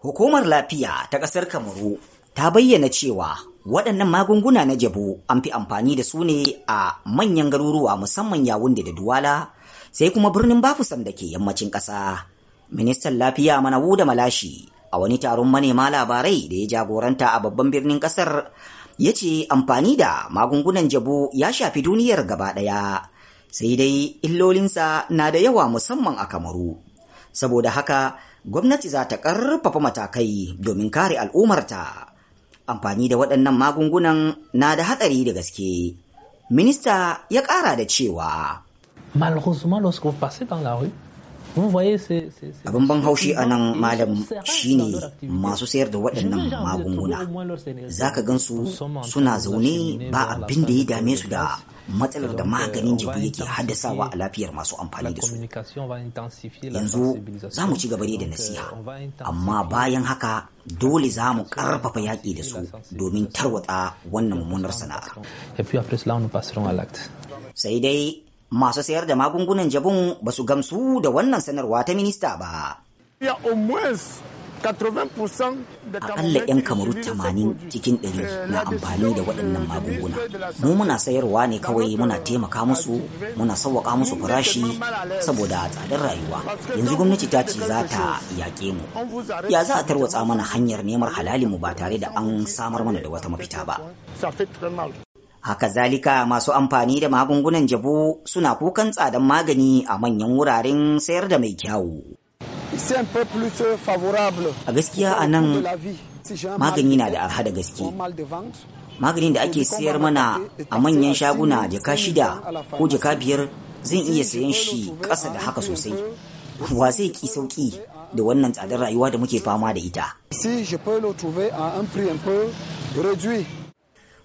Hukumar lafiya ta ƙasar Kamaru ta bayyana cewa waɗannan magunguna na jabo an fi amfani da su ne a manyan garuruwa musamman Yawunde da Duwala sai kuma birnin Bafusam da ke yammacin ƙasa. Ministan lafiya Manawu da Malashi a wani taron manema labarai da ya jagoranta a babban birnin ƙasar ya ce amfani da magungunan jabo ya shafi duniyar gaba ɗaya sai dai illolinsa na da yawa musamman a Kamaru. saboda haka gwamnati za ta ƙarfafa matakai domin kare al'umarta, amfani da waɗannan magungunan na da hatsari da gaske minista ya ƙara da cewa abin ban haushi a nan malam shine masu sayar da waɗannan magunguna za ka gansu suna zaune ba abin da ya dame su da matsalar da maganin euh, jibi yake haddasawa a lafiyar masu amfani da su yanzu za mu ci gaba da nasiha euh, amma bayan haka dole za mu ƙarfafa yaƙi da su domin tarwata wannan mummunar sana'ar sai dai masu sayar da magungunan jabun ba su gamsu da wannan sanarwa ta minista ba. Akalla 'yan kamaru 80 cikin 100 eh, na amfani da waɗannan magunguna. Mu muna sayarwa ne kawai muna taimaka musu, muna sauwaƙa musu farashi saboda tsadar rayuwa. Yanzu gwamnati ta ce za ta yaƙe mu. Ya za a tarwatsa mana hanyar neman halalinmu ba tare da an samar mana da wata mafita ba. Haka zalika masu amfani da magungunan jabo suna kukan tsadan magani a manyan wuraren sayar da mai kyawu. Euh, a gaskiya a nan magani na da arha da gaske. Maganin da ake sayar mana a manyan shaguna jaka shida ko jaka biyar zan iya sayan shi ƙasa da haka sosai. Wa zai ki sauki da wannan tsadar rayuwa da muke fama da ita.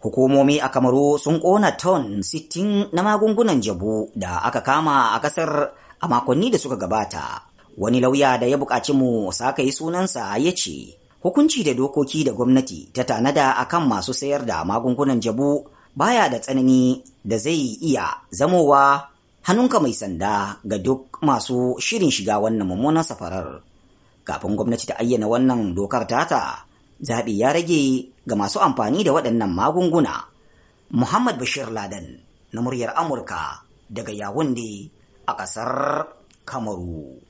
Hukumomi a Kamaru sun kona ton sittin na magungunan jabu da aka kama a ƙasar a makonni da suka gabata. Wani lauya da ya buƙaci mu saka yi sunansa ya ce, Hukunci da dokoki da gwamnati ta tanada a kan masu sayar da magungunan jabu baya da tsanani da zai iya zamowa hannunka mai sanda ga duk masu shirin shiga wannan mummunan safarar. Kafin gwamnati ta ayyana wannan dokar tata, zaɓi ya rage ga masu amfani da waɗannan magunguna. Muhammad Bashir Laden na muryar Amurka daga Yawunde a ƙasar Kamaru.